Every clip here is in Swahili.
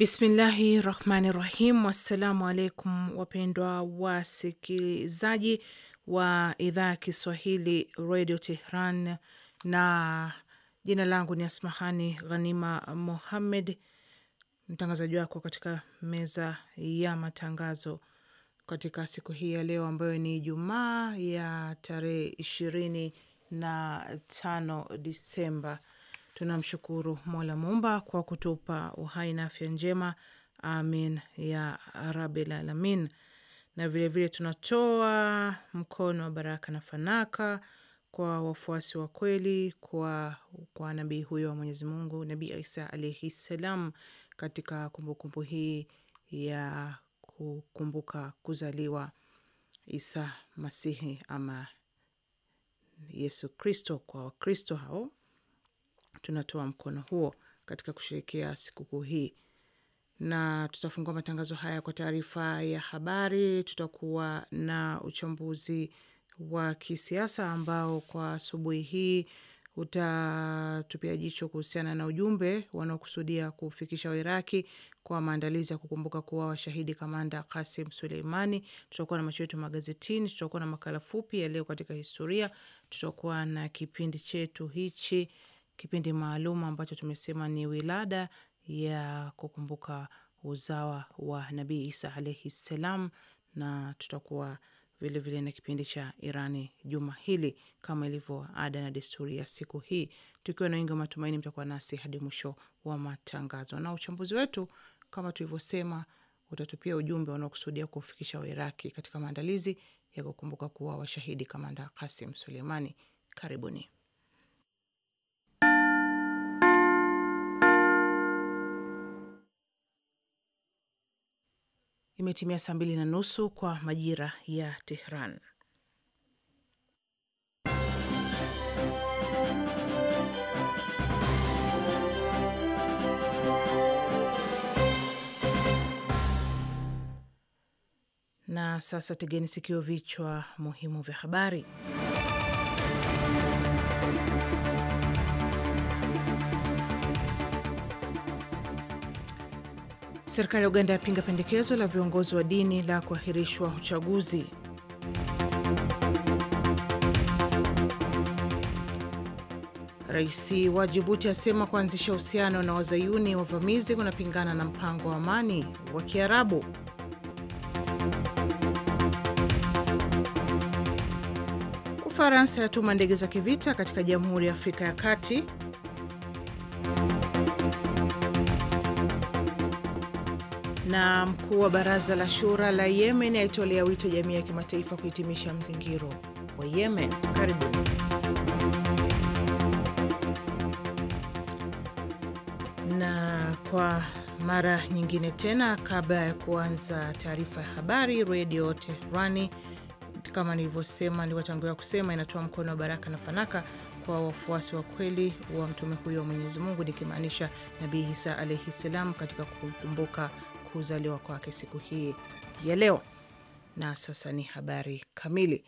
Bismillahi rahmani rahim. Wassalamu alaikum wapendwa wasikilizaji wa idhaa ya Kiswahili radio Tehran, na jina langu ni Asmahani Ghanima muhammed mtangazaji wako katika meza ya matangazo katika siku hii ya leo ambayo ni Ijumaa ya tarehe ishirini na tano Disemba Tunamshukuru Mola mumba kwa kutupa uhai na afya njema, amin ya rabil alamin. Na vilevile vile tunatoa mkono wa baraka na fanaka kwa wafuasi wa kweli kwa, kwa nabii huyo wa Mwenyezi Mungu, Nabii Isa alaihi ssalam, katika kumbukumbu kumbu hii ya kukumbuka kuzaliwa Isa Masihi ama Yesu Kristo kwa Wakristo hao tunatoa mkono huo katika kusherekea sikukuu hii, na tutafungua matangazo haya kwa taarifa ya habari. Tutakuwa na uchambuzi wa kisiasa ambao kwa asubuhi hii utatupia jicho kuhusiana na ujumbe wanaokusudia kufikisha Wairaki kwa maandalizi ya kukumbuka kuwa washahidi kamanda Kasim Suleimani. Tutakuwa na macho yetu magazetini, tutakuwa na makala fupi ya leo katika historia, tutakuwa na kipindi chetu hichi kipindi maalum ambacho tumesema ni wilada ya kukumbuka uzawa wa Nabii Isa alaihi ssalam, na tutakuwa vilevile vile na kipindi cha Irani juma hili kama ilivyo ada na desturi ya siku hii, tukiwa na wingi wa matumaini mtakuwa nasi hadi mwisho wa matangazo. Na uchambuzi wetu kama tulivyosema utatupia ujumbe unaokusudia kufikisha Wairaki katika maandalizi ya kukumbuka kuwa washahidi kamanda Kasim Suleimani. Karibuni. imetimia saa mbili na nusu kwa majira ya Tehran. Na sasa tegeni sikio, vichwa muhimu vya habari. Serikali ya Uganda yapinga pendekezo la viongozi wa dini la kuahirishwa uchaguzi. Rais wa Jibuti asema kuanzisha uhusiano na wazayuni wavamizi kunapingana na mpango wa amani wa Kiarabu. Ufaransa yatuma ndege za kivita katika Jamhuri ya Afrika ya Kati. Na mkuu wa baraza la shura la Yemen aitolea wito jamii ya kimataifa kuhitimisha mzingiro wa Yemen. Karibuni. Na kwa mara nyingine tena, kabla ya kuanza taarifa ya habari, Redio Tehrani kama nilivyosema, niwatangulia kusema, inatoa mkono wa baraka na fanaka kwa wafuasi wa kweli wa mtume huyo wa Mwenyezi Mungu, nikimaanisha Nabii Isa alaihi salam, katika kukumbuka kuzaliwa kwake siku hii ya leo. Na sasa ni habari kamili.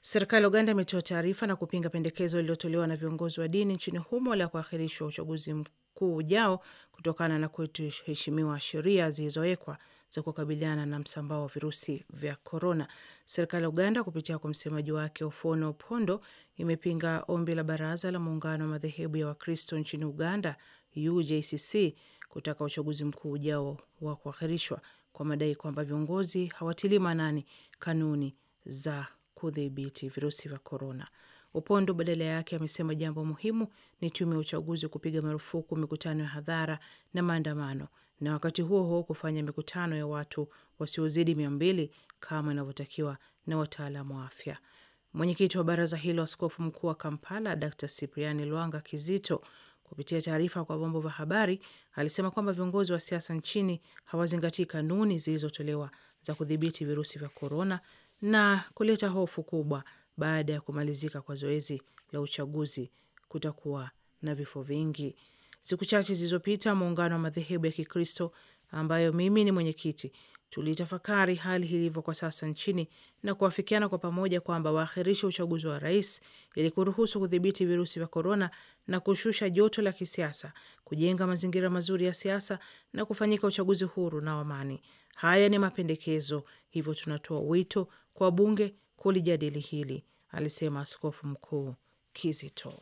Serikali ya Uganda imetoa taarifa na kupinga pendekezo lililotolewa na viongozi wa dini nchini humo la kuahirishwa uchaguzi mkuu ujao kutokana na kutoheshimiwa sheria zilizowekwa za kukabiliana na msambao wa virusi vya korona. Serikali ya Uganda kupitia kwa msemaji wake Ofuono Opondo imepinga ombi la baraza la muungano wa madhehebu ya Wakristo nchini Uganda, UJCC, kutaka uchaguzi mkuu ujao wa kuahirishwa kwa madai kwamba viongozi hawatilii maanani kanuni za kudhibiti virusi vya korona. Upondo badala yake amesema jambo muhimu ni tume ya uchaguzi kupiga marufuku mikutano ya hadhara na maandamano, na wakati huo huo kufanya mikutano ya watu wasiozidi mia mbili kama inavyotakiwa na wataalamu wa afya. Mwenyekiti wa baraza hilo, askofu mkuu wa Kampala Dr Cipriani Lwanga Kizito Kupitia taarifa kwa vyombo vya habari, alisema kwamba viongozi wa siasa nchini hawazingatii kanuni zilizotolewa za kudhibiti virusi vya korona na kuleta hofu kubwa baada ya kumalizika kwa zoezi la uchaguzi kutakuwa na vifo vingi. Siku chache zilizopita, muungano wa madhehebu ya Kikristo ambayo mimi ni mwenyekiti tulitafakari hali ilivyo kwa sasa nchini na kuafikiana kwa pamoja kwamba waahirishe uchaguzi wa rais ili kuruhusu kudhibiti virusi vya korona na kushusha joto la kisiasa, kujenga mazingira mazuri ya siasa na kufanyika uchaguzi huru na amani. Haya ni mapendekezo, hivyo tunatoa wito kwa bunge kulijadili hili, alisema askofu mkuu Kizito.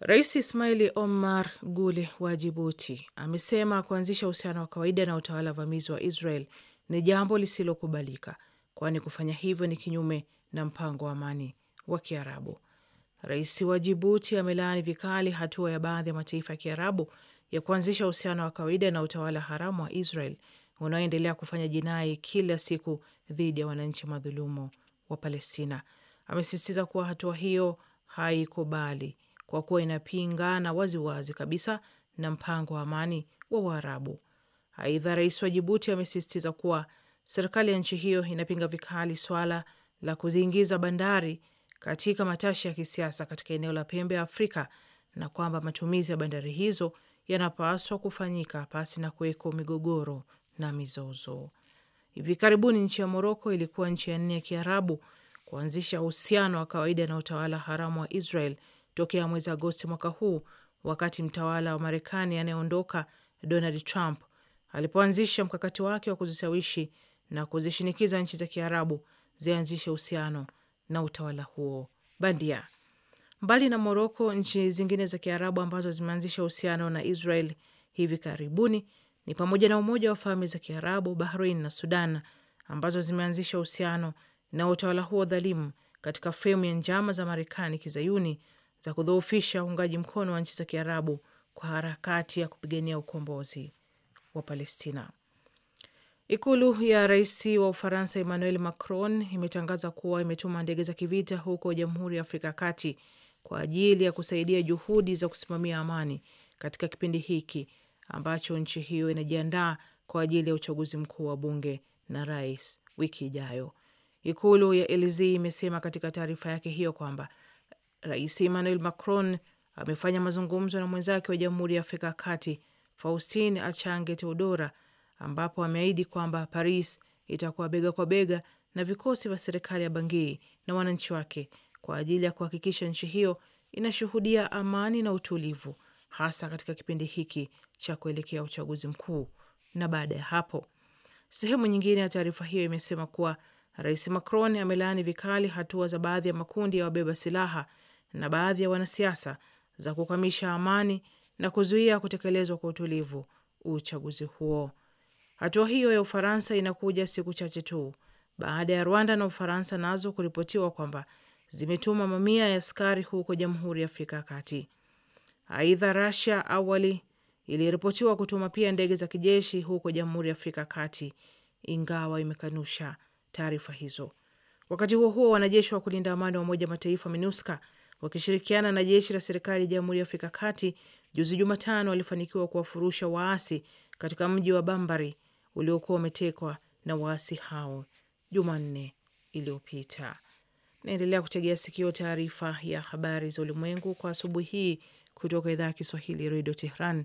Rais Ismaili Omar Gule wa Jibuti amesema kuanzisha uhusiano wa kawaida na utawala vamizi wa Israel ni jambo lisilokubalika, kwani kufanya hivyo ni kinyume na mpango wa amani wa Kiarabu. Rais wa Jibuti amelaani vikali hatua ya baadhi ya mataifa ya Kiarabu ya kuanzisha uhusiano wa kawaida na utawala haramu wa Israel unaoendelea kufanya jinai kila siku dhidi ya wananchi madhulumu wa Palestina. Amesisitiza kuwa hatua hiyo haikubali kwa kuwa inapingana waziwazi kabisa na mpango wa amani wa Waarabu. Aidha, rais wa Jibuti amesisitiza kuwa serikali ya nchi hiyo inapinga vikali swala la kuziingiza bandari katika matashi ya kisiasa katika eneo la pembe ya Afrika na kwamba matumizi ya bandari hizo yanapaswa kufanyika pasi na kuweko migogoro na mizozo. Hivi karibuni nchi ya Moroko ilikuwa nchi ya nne ya Kiarabu kuanzisha uhusiano wa kawaida na utawala haramu wa Israel tokea mwezi Agosti mwaka huu, wakati mtawala wa Marekani anayeondoka Donald Trump alipoanzisha mkakati wake wa kuzisawishi na kuzishinikiza nchi za Kiarabu zianzishe uhusiano na utawala huo bandia. Mbali na Moroko, nchi zingine za Kiarabu ambazo zimeanzisha uhusiano na Israel hivi karibuni ni pamoja na Umoja wa Falme za Kiarabu, Bahrain na Sudan ambazo zimeanzisha uhusiano na utawala huo dhalimu katika fremu ya njama za Marekani kizayuni za kudhoofisha uungaji mkono wa nchi za Kiarabu kwa harakati ya kupigania ukombozi wa Palestina. Ikulu ya rais wa Ufaransa Emmanuel Macron imetangaza kuwa imetuma ndege za kivita huko Jamhuri ya Afrika ya Kati kwa ajili ya kusaidia juhudi za kusimamia amani katika kipindi hiki ambacho nchi hiyo inajiandaa kwa ajili ya uchaguzi mkuu wa bunge na rais wiki ijayo. Ikulu ya Elysee imesema katika taarifa yake hiyo kwamba Rais Emmanuel Macron amefanya mazungumzo na mwenzake wa Jamhuri ya Afrika ya Kati Faustin Achange Teodora, ambapo ameahidi kwamba Paris itakuwa bega kwa bega na vikosi vya serikali ya Bangui na wananchi wake kwa ajili ya kuhakikisha nchi hiyo inashuhudia amani na utulivu, hasa katika kipindi hiki cha kuelekea uchaguzi mkuu na baada ya hapo. Sehemu nyingine ya taarifa hiyo imesema kuwa Rais Macron amelaani vikali hatua za baadhi ya makundi ya wabeba silaha na baadhi ya wanasiasa za kukwamisha amani na kuzuia kutekelezwa kwa utulivu uchaguzi huo. Hatua hiyo ya Ufaransa inakuja siku chache tu baada ya Rwanda na Ufaransa nazo kuripotiwa kwamba zimetuma mamia ya askari huko Jamhuri ya Afrika ya Kati. Aidha, Rasia awali iliripotiwa kutuma pia ndege za kijeshi huko Jamhuri ya Afrika ya Kati, ingawa imekanusha taarifa hizo. Wakati huo huo, wanajeshi wa kulinda amani wa Umoja Mataifa MINUSCA wakishirikiana na jeshi la serikali ya Jamhuri ya Afrika Kati, juzi Jumatano walifanikiwa kuwafurusha waasi katika mji wa Bambari uliokuwa umetekwa na waasi hao Jumanne iliyopita. Naendelea kutegea sikio taarifa ya habari za ulimwengu kwa asubuhi hii kutoka idhaa ya Kiswahili Redio Tehran.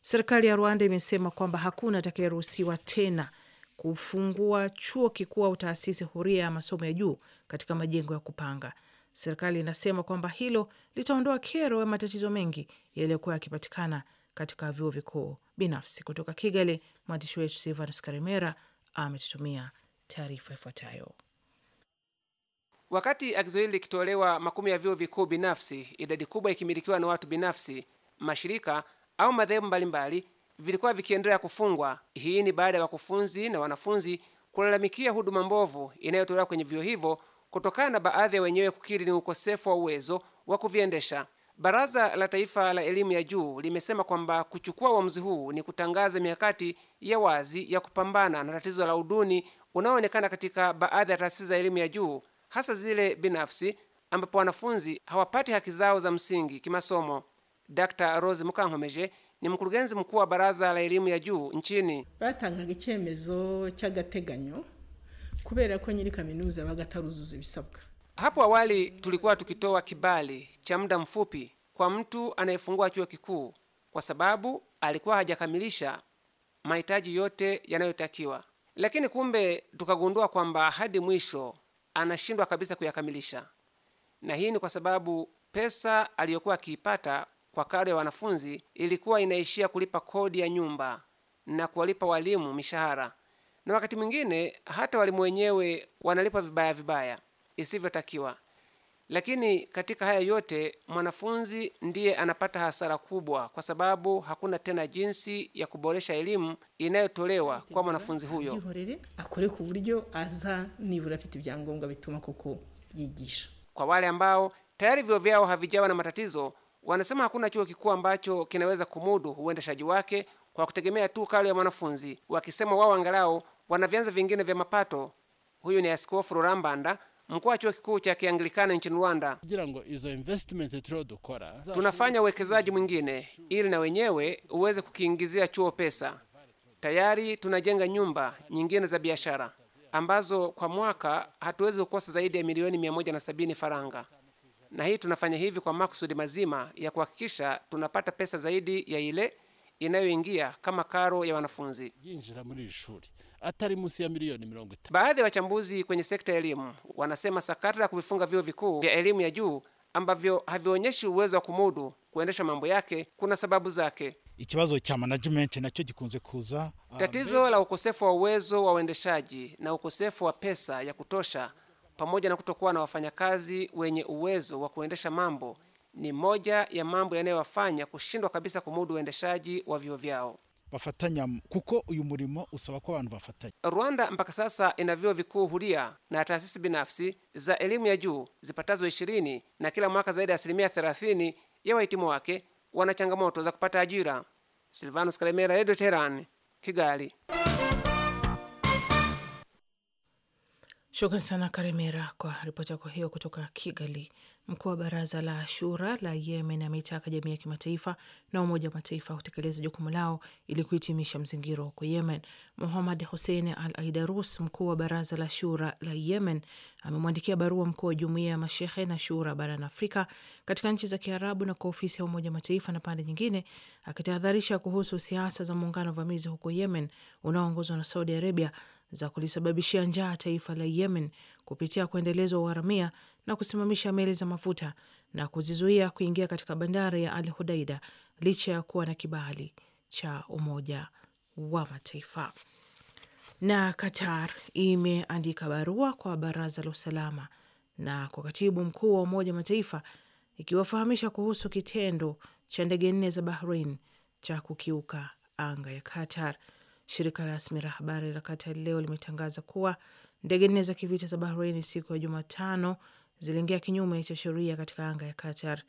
Serikali ya Rwanda imesema kwamba hakuna atakayeruhusiwa tena kufungua chuo kikuu au taasisi huria ya masomo ya juu katika majengo ya kupanga. Serikali inasema kwamba hilo litaondoa kero ya matatizo mengi yaliyokuwa yakipatikana katika vyuo vikuu binafsi. Kutoka Kigali, mwandishi wetu Silvanus Karimera ametutumia taarifa ifuatayo. Wakati agizo hili likitolewa, makumi ya vyuo vikuu binafsi, idadi kubwa ikimilikiwa na watu binafsi, mashirika au madhehebu mbalimbali, vilikuwa vikiendelea kufungwa. Hii ni baada ya wakufunzi na wanafunzi kulalamikia huduma mbovu inayotolewa kwenye vyuo hivyo kutokana na baadhi ya wenyewe kukiri ni ukosefu wa uwezo wa kuviendesha. Baraza la Taifa la Elimu ya Juu limesema kwamba kuchukua uamuzi huu ni kutangaza mikakati ya wazi ya kupambana na tatizo la uduni unaoonekana katika baadhi ya taasisi za elimu ya juu, hasa zile binafsi, ambapo wanafunzi hawapati haki zao za msingi kimasomo. Dr Rose Mukankomeje ni mkurugenzi mkuu wa Baraza la Elimu ya Juu nchini. batangaga icyemezo cy'agateganyo kubera ko nyiri kaminuza bagataruzuza ibisabwa. Hapo awali tulikuwa tukitoa kibali cha muda mfupi kwa mtu anayefungua chuo kikuu kwa sababu alikuwa hajakamilisha mahitaji yote yanayotakiwa, lakini kumbe tukagundua kwamba hadi mwisho anashindwa kabisa kuyakamilisha, na hii ni kwa sababu pesa aliyokuwa akiipata kwa karo ya wanafunzi ilikuwa inaishia kulipa kodi ya nyumba na kuwalipa walimu mishahara na wakati mwingine hata walimu wenyewe wanalipwa vibaya vibaya isivyotakiwa. Lakini katika haya yote mwanafunzi ndiye anapata hasara kubwa, kwa sababu hakuna tena jinsi ya kuboresha elimu inayotolewa kwa mwanafunzi huyo. Kwa wale ambao tayari vyuo vyao havijawa na matatizo, wanasema hakuna chuo kikuu ambacho kinaweza kumudu uendeshaji wake kwa kutegemea tu karo ya mwanafunzi, wakisema wao angalau wana vyanzo vingine vya mapato. Huyu ni Askofu Rurambanda, mkuu wa chuo kikuu cha Kianglikana nchini Rwanda. Tunafanya uwekezaji mwingine ili na wenyewe uweze kukiingizia chuo pesa. Tayari tunajenga nyumba nyingine za biashara ambazo kwa mwaka hatuwezi kukosa zaidi ya milioni 170 faranga, na hii tunafanya hivi kwa makusudi mazima ya kuhakikisha tunapata pesa zaidi ya ile inayoingia kama karo ya wanafunzi atari munsi ya milioni mirongo itatu. Baadhi ya wachambuzi kwenye sekta ya elimu wanasema sakata ya kuvifunga vyuo vikuu vya elimu ya juu ambavyo havionyeshi uwezo wa kumudu kuendesha mambo yake kuna sababu zake. Ikibazo cha management nacho gikunze kuza ah, tatizo la ukosefu wa uwezo wa uendeshaji na ukosefu wa pesa ya kutosha, pamoja na kutokuwa na wafanyakazi wenye uwezo wa kuendesha mambo, ni moja ya mambo yanayowafanya kushindwa kabisa kumudu uendeshaji wa vyuo vyao bafatanya kuko uyu murimo usaba ko abantu bafatanya. Rwanda mpaka sasa ina vyuo vikuu huria na taasisi binafsi za elimu ya juu zipatazo ishirini na kila mwaka zaidi ya asilimia thelathini ya wahitimu wake wana changamoto za kupata ajira. Silvanus Kalemera, Radio teran Kigali. Shukran sana Karemera kwa ripoti yako hiyo kutoka Kigali. Mkuu wa baraza la shura la Yemen ameitaka jamii ya kimataifa na Umoja wa Mataifa kutekeleza jukumu lao ili kuhitimisha mzingiro huko Yemen. Muhamad Hussein Al Aidarus, mkuu wa baraza la shura la Yemen, amemwandikia barua mkuu wa jumuiya ya mashehe na shura barani Afrika katika nchi za Kiarabu na kwa ofisi ya Umoja wa Mataifa na pande nyingine, akitahadharisha kuhusu siasa za muungano wa vamizi huko Yemen unaoongozwa na Saudi Arabia za kulisababishia njaa taifa la Yemen kupitia kuendelezwa uharamia na kusimamisha meli za mafuta na kuzizuia kuingia katika bandari ya Al Hudaida licha ya kuwa na kibali cha Umoja wa Mataifa. Na Qatar imeandika barua kwa Baraza la Usalama na kwa katibu mkuu wa Umoja wa Mataifa ikiwafahamisha kuhusu kitendo cha ndege nne za Bahrain cha kukiuka anga ya Qatar. Shirika rasmi la habari la Katari leo limetangaza kuwa ndege nne za kivita za Bahrein siku ya Jumatano ziliingia kinyume cha sheria katika anga ya Qatar.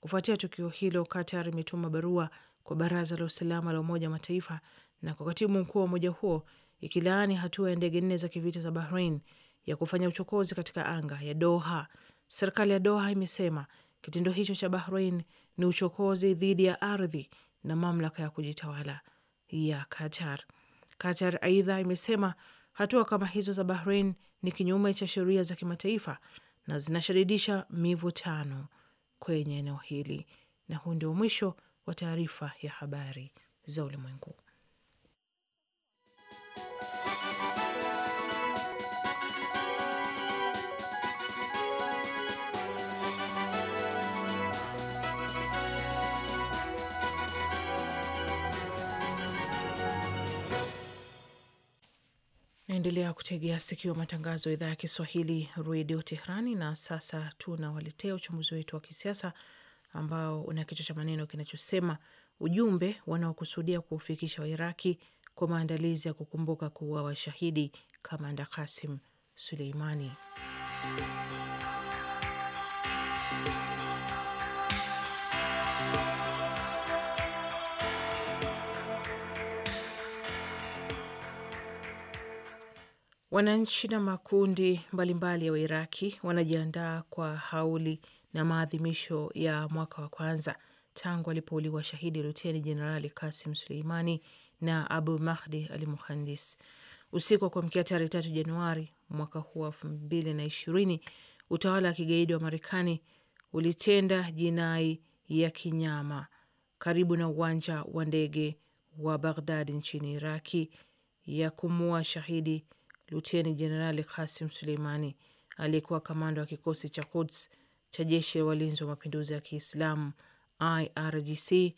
Kufuatia tukio hilo, Qatar imetuma barua kwa Baraza la Usalama la Umoja wa Mataifa na kwa katibu mkuu wa umoja huo ikilaani hatua ya ndege nne za kivita za Bahrain ya kufanya uchokozi katika anga ya Doha. Serikali ya Doha imesema kitendo hicho cha Bahrain ni uchokozi dhidi ya ardhi na mamlaka ya kujitawala ya Qatar. Qatar aidha imesema hatua kama hizo za Bahrain ni kinyume cha sheria za kimataifa na zinashadidisha mivutano kwenye eneo hili. Na huu ndio mwisho wa taarifa ya habari za ulimwengu. Naendelea kutegea sikio matangazo ya idhaa ya Kiswahili redio Tehrani. Na sasa tunawaletea uchambuzi wetu wa kisiasa ambao una kichwa cha maneno kinachosema ujumbe wanaokusudia kuufikisha Wairaki kwa maandalizi ya kukumbuka kuuawa shahidi kamanda Kasim Suleimani. Wananchi na makundi mbalimbali ya Wairaki wanajiandaa kwa hauli na maadhimisho ya mwaka wa kwanza tangu alipouliwa shahidi Luteni Jenerali Kasim Suleimani na Abu Mahdi al Muhandis usiku wa kuamkia tarehe tatu Januari mwaka huu wa elfu mbili na ishirini. Utawala wa kigaidi wa Marekani ulitenda jinai ya kinyama karibu na uwanja wa ndege wa Baghdadi nchini Iraki ya kumua shahidi Luteni Jenerali Kasim Suleimani aliyekuwa kamanda wa kikosi cha Kuds cha jeshi la walinzi wa mapinduzi ya Kiislamu IRGC,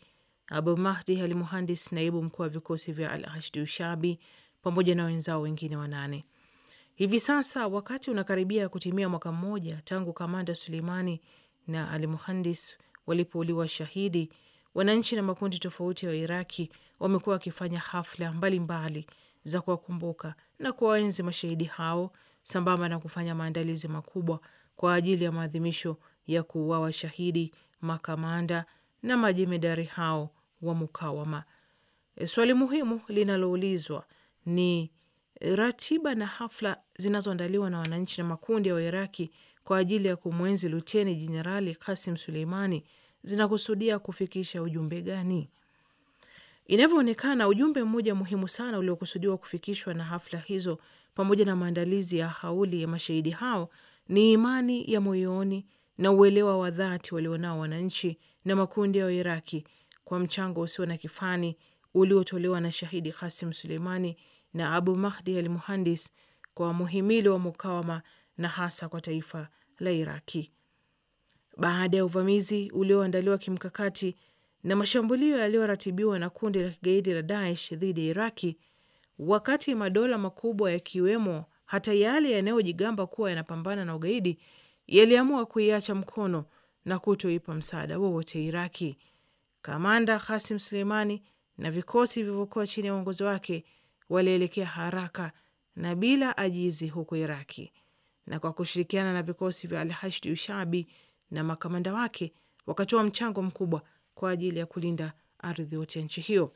Abu Mahdi al Muhandis, naibu mkuu wa vikosi vya Al Ashdi Ushabi, pamoja na wenzao wengine wanane. Hivi sasa wakati unakaribia kutimia mwaka mmoja tangu kamanda Suleimani na al Muhandis walipouliwa shahidi. Wananchi na makundi tofauti ya Wairaki wamekuwa wakifanya hafla mbalimbali mbali za kuwakumbuka na kuwaenzi mashahidi hao sambamba na kufanya maandalizi makubwa kwa ajili ya maadhimisho ya kuuawa shahidi makamanda na majemedari hao wa mukawama. E, swali muhimu linaloulizwa ni e, ratiba na hafla zinazoandaliwa na wananchi na makundi ya Wairaki kwa ajili ya kumwenzi Luteni Jenerali Kasim Suleimani zinakusudia kufikisha ujumbe gani? Inavyoonekana, ujumbe mmoja muhimu sana uliokusudiwa kufikishwa na hafla hizo pamoja na maandalizi ya hauli ya mashahidi hao ni imani ya moyoni na uelewa wa dhati walionao wananchi na makundi ya Wairaki kwa mchango usio na kifani uliotolewa na shahidi Kasim Suleimani na Abu Mahdi al Muhandis kwa muhimili wa mukawama na hasa kwa taifa la Iraki. Baada ya uvamizi ulioandaliwa kimkakati na mashambulio yaliyoratibiwa na kundi la kigaidi la Daesh dhidi ya Iraki, wakati madola makubwa yakiwemo hata yale yanayojigamba kuwa yanapambana na ugaidi yaliamua kuiacha mkono na kutoipa msaada wowote Iraki. Kamanda Hasim Suleimani na vikosi vilivyokuwa chini ya uongozi wake walielekea haraka na bila ajizi huko Iraki, na kwa kushirikiana na vikosi vya Alhashdi Ushabi na makamanda wake wakatoa mchango mkubwa kwa ajili ya kulinda ardhi yote ya nchi hiyo.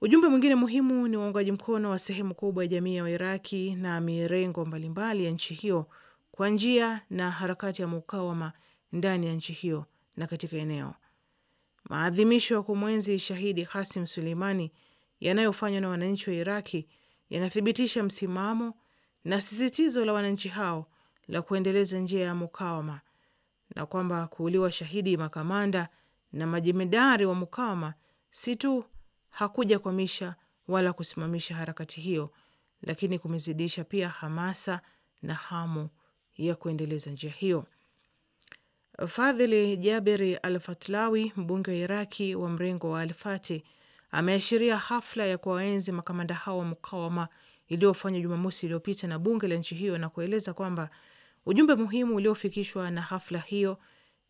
Ujumbe mwingine muhimu ni waungaji mkono wa sehemu kubwa ya jamii ya Wairaki na mirengo mbalimbali ya nchi hiyo kwa njia na harakati ya mukawama ndani ya nchi hiyo na katika eneo. Maadhimisho ya kumwenzi shahidi Hasim Suleimani yanayofanywa na wananchi wa Iraki yanathibitisha msimamo na sisitizo la wananchi hao la kuendeleza njia ya mukawama na kwamba kuuliwa shahidi makamanda na majemedari wa mukawama si tu kwamisha wala kusimamisha harakati hiyo, lakini kumezidisha pia hamasa na hamu ya kuendeleza njia hiyo. Fadhili Jaberi Al Fatlawi, mbunge wa Iraki wa mrengo wa Alfati, ameashiria hafla ya kuwaenzi makamanda hao wa mukawama iliyofanywa Jumamosi iliyopita na bunge la nchi hiyo na kueleza kwamba ujumbe muhimu uliofikishwa na hafla hiyo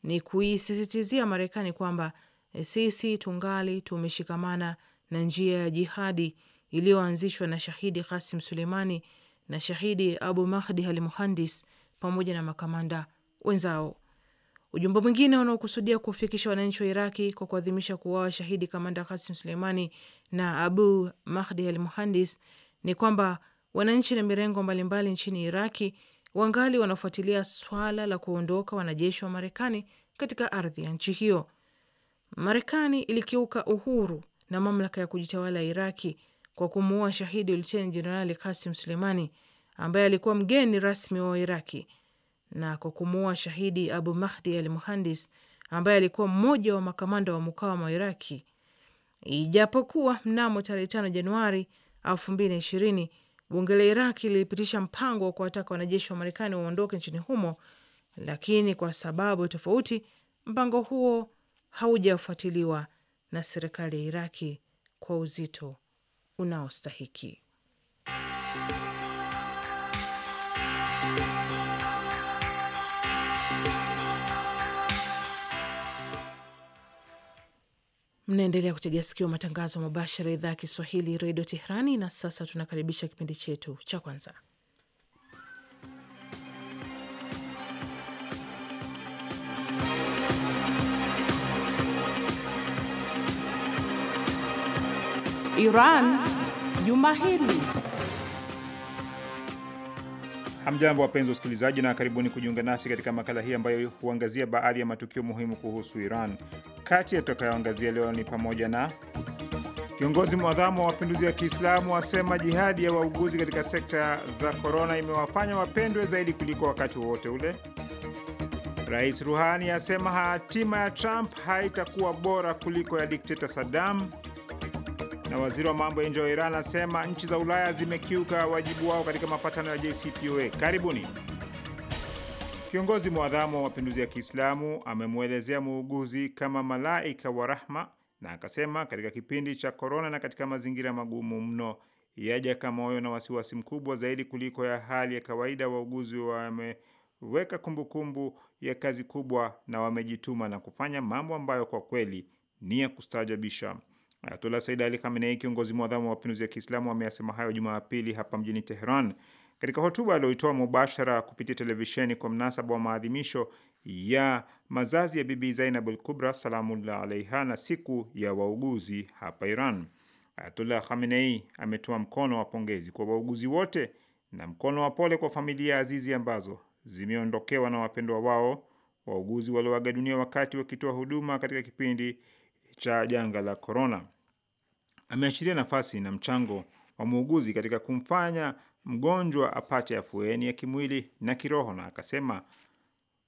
ni kuisisitizia Marekani kwamba eh, sisi tungali tumeshikamana na njia ya jihadi iliyoanzishwa na shahidi Kasim Suleimani na shahidi Abu Mahdi al Muhandis pamoja na makamanda wenzao. Ujumbe mwingine unaokusudia kufikisha wananchi wa Iraki kwa kuadhimisha kuwawa shahidi kamanda Kasim Suleimani na Abu Mahdi al Muhandis ni kwamba wananchi na mirengo mbalimbali nchini Iraki wangali wanafuatilia swala la kuondoka wanajeshi wa Marekani katika ardhi ya nchi hiyo. Marekani ilikiuka uhuru na mamlaka ya kujitawala Iraki kwa kumuua shahidi luteni jenerali Kasim Suleimani ambaye alikuwa mgeni rasmi wa Iraki na kwa kumuua shahidi Abu Mahdi al Muhandis ambaye alikuwa mmoja wa makamanda wa mukawama wa Iraki, ijapokuwa mnamo tarehe 5 Januari 2020 Bunge la Iraki lilipitisha mpango wa kuwataka wanajeshi wa Marekani waondoke nchini humo, lakini kwa sababu tofauti, mpango huo haujafuatiliwa na serikali ya Iraki kwa uzito unaostahiki. Mnaendelea kutegea sikio matangazo mubashara idhaa ya Kiswahili redio Teherani. Na sasa tunakaribisha kipindi chetu cha kwanza, Iran Juma Hili. Hamjambo, wapenzi wasikilizaji, na karibuni kujiunga nasi katika makala hii ambayo huangazia baadhi ya matukio muhimu kuhusu Iran. Kati ya tutakayoangazia leo ni pamoja na kiongozi mwadhamu wa mapinduzi ya Kiislamu asema jihadi ya wauguzi katika sekta za korona imewafanya wapendwe zaidi kuliko wakati wowote ule. Rais Ruhani asema hatima ya Trump haitakuwa bora kuliko ya dikteta Saddam na waziri wa mambo ya nje wa Iran anasema nchi za Ulaya zimekiuka wajibu wao katika mapatano ya JCPOA. Karibuni. Kiongozi mwadhamu wa mapinduzi ya Kiislamu amemwelezea muuguzi kama malaika wa rahma na akasema katika kipindi cha korona na katika mazingira magumu mno yaja kamoyo na wasiwasi mkubwa zaidi kuliko ya hali ya kawaida, wauguzi wameweka kumbukumbu ya kazi kubwa na wamejituma na kufanya mambo ambayo kwa kweli ni ya kustaajabisha. Ayatollah Said Ali Khamenei, kiongozi mwadhamu wa mapinduzi ya Kiislamu, ameyasema hayo Jumapili hapa mjini Teheran katika hotuba aliyoitoa mubashara kupitia televisheni kwa mnasaba wa maadhimisho ya mazazi ya Bibi Zainab al Kubra salamullah alaiha na siku ya wauguzi hapa Iran. Ayatullah Khamenei ametoa mkono wa pongezi kwa wauguzi wote na mkono wa pole kwa familia azizi ambazo zimeondokewa na wapendwa wao wauguzi walioaga dunia wakati wakitoa huduma katika kipindi cha janga la korona ameashiria nafasi na mchango wa muuguzi katika kumfanya mgonjwa apate afueni ya kimwili na kiroho, na akasema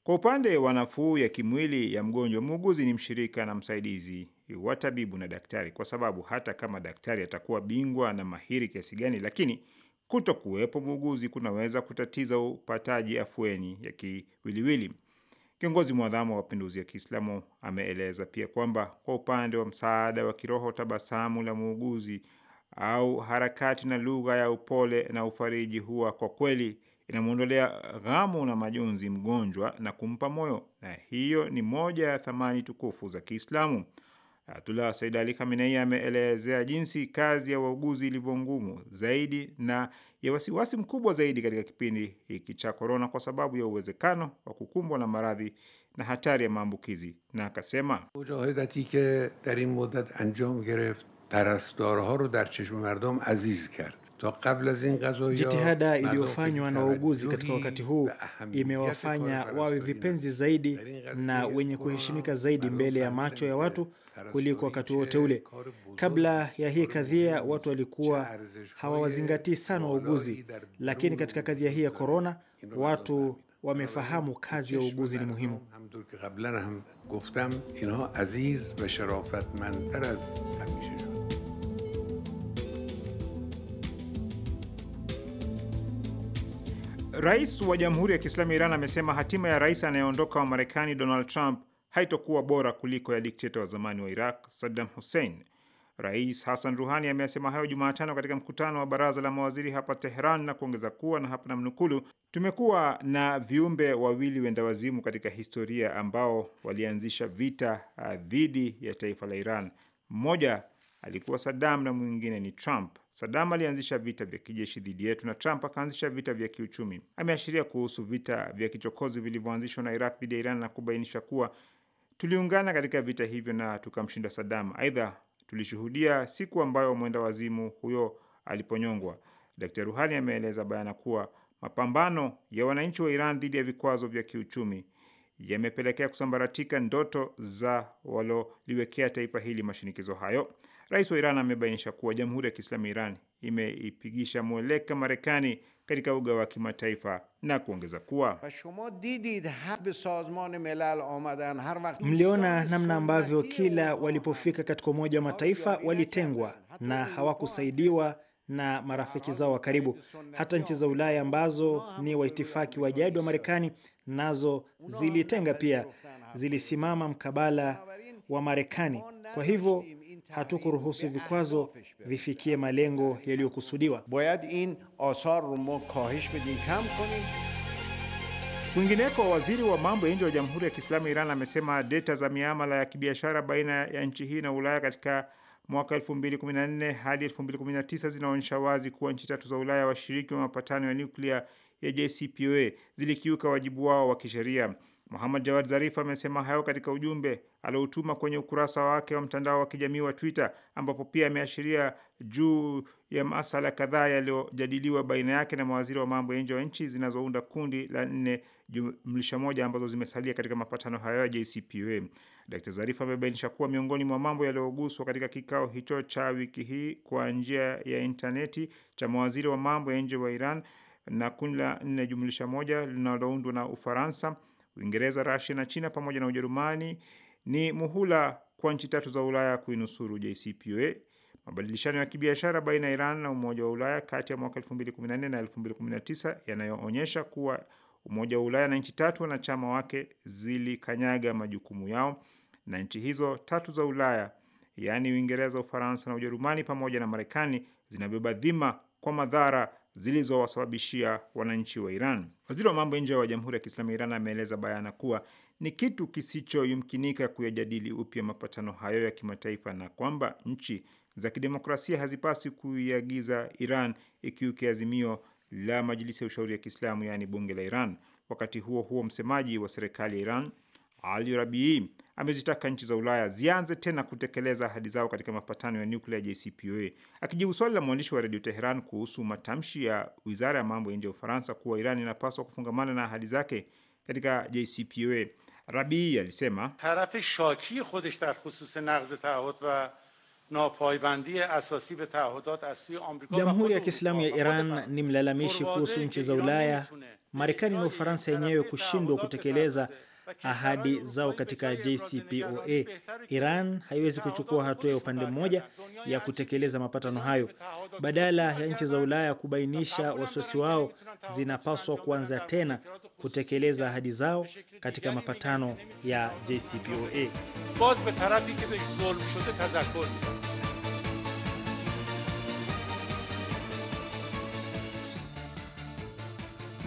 kwa upande wa nafuu ya kimwili ya mgonjwa, muuguzi ni mshirika na msaidizi wa tabibu na daktari, kwa sababu hata kama daktari atakuwa bingwa na mahiri kiasi gani, lakini kutokuwepo muuguzi kunaweza kutatiza upataji afueni ya kiwiliwili. Kiongozi mwadhamu wa mapinduzi ya Kiislamu ameeleza pia kwamba kwa upande wa msaada wa kiroho, tabasamu la muuguzi au harakati na lugha ya upole na ufariji huwa kwa kweli inamwondolea ghamu na majonzi mgonjwa na kumpa moyo, na hiyo ni moja ya thamani tukufu za Kiislamu. Ayatullah Said Ali Khamenei ameelezea jinsi kazi ya wauguzi ilivyo ngumu zaidi na ya wasiwasi mkubwa zaidi katika kipindi hiki cha korona, kwa sababu ya uwezekano wa kukumbwa na maradhi na hatari ya maambukizi, na akasema mujahidati ke dar in muddat anjam gereft parastarha ro dar cheshme mardom aziz kard Jitihada iliyofanywa na wauguzi katika wakati huu imewafanya wawe vipenzi zaidi na wenye kuheshimika zaidi mbele ya macho ya watu kuliko wakati wote ule. Kabla ya hii kadhia, watu walikuwa hawawazingatii sana wauguzi, lakini katika kadhia hii ya korona, watu wamefahamu kazi ya wauguzi ni muhimu. Rais wa Jamhuri ya Kiislamu ya Iran amesema hatima ya rais anayeondoka wa Marekani Donald Trump haitokuwa bora kuliko ya dikteta wa zamani wa Iraq Saddam Hussein. Rais Hassan Ruhani ameyasema hayo Jumatano katika mkutano wa baraza la mawaziri hapa Teheran na kuongeza kuwa na hapa namnukulu, tumekuwa na viumbe wawili wendawazimu katika historia ambao walianzisha vita uh, dhidi ya taifa la Iran. Mmoja alikuwa Saddam na mwingine ni Trump. Sadam alianzisha vita vya kijeshi dhidi yetu na Trump akaanzisha vita vya kiuchumi. Ameashiria kuhusu vita vya kichokozi vilivyoanzishwa na Iraq dhidi ya Iran na kubainisha kuwa tuliungana katika vita hivyo na tukamshinda Sadam. Aidha, tulishuhudia siku ambayo mwenda wazimu huyo aliponyongwa. Dkt. Ruhani ameeleza bayana kuwa mapambano ya wananchi wa Iran dhidi ya vikwazo vya kiuchumi yamepelekea kusambaratika ndoto za waloliwekea taifa hili mashinikizo hayo Rais wa Iran amebainisha kuwa Jamhuri ya Kiislamu ya Iran imeipigisha mweleka Marekani katika uga wa kimataifa na kuongeza kuwa mliona namna ambavyo kila walipofika katika Umoja wa Mataifa walitengwa na hawakusaidiwa na marafiki zao wa karibu. Hata nchi za Ulaya ambazo ni waitifaki wa jadi wa Marekani nazo zilitenga pia, zilisimama mkabala wa Marekani. Kwa hivyo hatukuruhusu vikwazo vifikie malengo yaliyokusudiwa. Kwingineko, waziri wa mambo ya nje wa Jamhuri ya Kiislamu ya Iran amesema deta za miamala ya kibiashara baina ya nchi hii na Ulaya katika mwaka 2014 hadi 2019 zinaonyesha wazi kuwa nchi tatu za Ulaya washiriki wa mapatano ya nyuklia ya JCPOA zilikiuka wajibu wao wa kisheria. Muhammad Jawad Zarif amesema hayo katika ujumbe aliotuma kwenye ukurasa wake wa mtandao wa kijamii wa Twitter, ambapo pia ameashiria juu ya masala kadhaa yaliyojadiliwa baina yake na mawaziri wa mambo ya nje wa nchi zinazounda kundi la nne jumlisha moja ambazo zimesalia katika mapatano hayo ya JCPOA. Dkt Zarif amebainisha kuwa miongoni mwa mambo yaliyoguswa katika kikao hicho cha wiki hii kwa njia ya intaneti cha mawaziri wa mambo ya nje wa Iran na kundi la nne jumlisha moja linaloundwa na Ufaransa Uingereza, Rasia na China pamoja na Ujerumani ni muhula kwa nchi tatu za Ulaya kuinusuru JCPOA. Mabadilishano ya kibiashara baina ya Iran na Umoja wa Ulaya kati ya mwaka 2014 na 2019 yanayoonyesha kuwa Umoja wa Ulaya na nchi tatu wanachama wake zilikanyaga majukumu yao na nchi hizo tatu za Ulaya yaani Uingereza, Ufaransa na Ujerumani pamoja na Marekani zinabeba dhima kwa madhara zilizowasababishia wananchi wa Iran. Waziri wa mambo ya nje wa Jamhuri ya Kiislamu ya Iran ameeleza bayana kuwa ni kitu kisichoyumkinika kuyajadili upya mapatano hayo ya kimataifa na kwamba nchi za kidemokrasia hazipasi kuiagiza Iran ikiuke azimio la Majilisi ya Ushauri ya Kiislamu, yaani bunge la Iran. Wakati huo huo, msemaji wa serikali ya Iran Ali Rabii amezitaka nchi za Ulaya zianze tena kutekeleza ahadi zao katika mapatano ya nyuklia JCPOA. Akijibu swali la mwandishi wa redio Teheran kuhusu matamshi ya wizara ya mambo ya nje ya Ufaransa kuwa Iran inapaswa kufungamana na ahadi zake katika JCPOA, Rabii alisema tarafe shaki khodesh dar khusus naqz taahud va Jamhuri ya Kiislamu ya Iran ni mlalamishi kuhusu nchi za Ulaya, Marekani na Ufaransa yenyewe kushindwa kutekeleza ahadi zao katika JCPOA. Iran haiwezi kuchukua hatua ya upande mmoja ya kutekeleza mapatano hayo. Badala ya nchi za Ulaya kubainisha wasiwasi wao, zinapaswa kuanza tena kutekeleza ahadi zao katika mapatano ya JCPOA.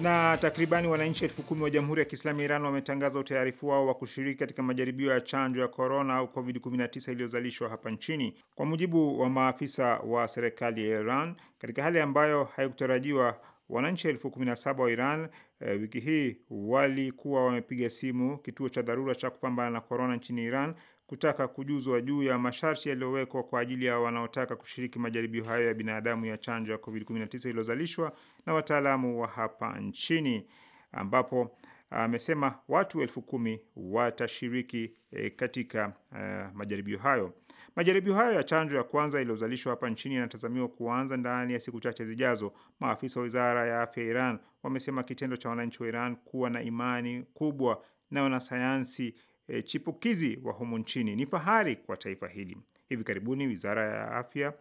Na takribani wananchi elfu kumi wa Jamhuri ya Kiislamu ya Iran wametangaza utayarifu wao wa kushiriki katika majaribio ya chanjo ya korona au COVID-19 iliyozalishwa hapa nchini, kwa mujibu wa maafisa wa serikali ya Iran, katika hali ambayo haikutarajiwa. Wananchi elfu kumi na saba wa Iran e, wiki hii walikuwa wamepiga simu kituo cha dharura cha kupambana na korona nchini Iran kutaka kujuzwa juu ya masharti yaliyowekwa kwa ajili ya wanaotaka kushiriki majaribio hayo ya binadamu ya chanjo ya COVID-19 iliyozalishwa na wataalamu wa hapa nchini ambapo amesema watu elfu kumi watashiriki e, katika e, majaribio hayo. Majaribio hayo ya chanjo ya kwanza iliyozalishwa hapa nchini yanatazamiwa kuanza ndani ya siku chache zijazo. Maafisa wa wizara ya afya ya Iran wamesema kitendo cha wananchi wa Iran kuwa na imani kubwa na wanasayansi e, chipukizi wa humu nchini. Ni fahari kwa taifa hili. Hivi karibuni wizara ya afya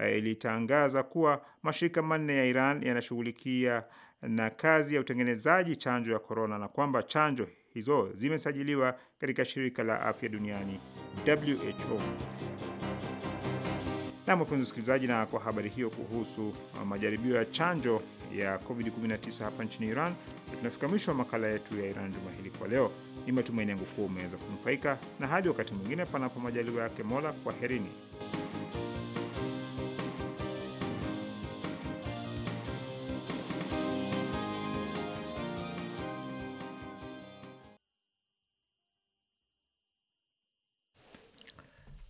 e, ilitangaza kuwa mashirika manne ya Iran yanashughulikia na kazi ya utengenezaji chanjo ya korona na kwamba chanjo hizo zimesajiliwa katika shirika la afya duniani WHO. Na mpenzi msikilizaji, na kwa habari hiyo kuhusu majaribio ya chanjo ya COVID-19 hapa nchini Iran. Tunafika mwisho wa makala yetu ya Iran juma hili kwa leo. Ni matumaini yangu kuwa umeweza kunufaika, na hadi wakati mwingine, panapo majaliwa yake Mola, kwaherini.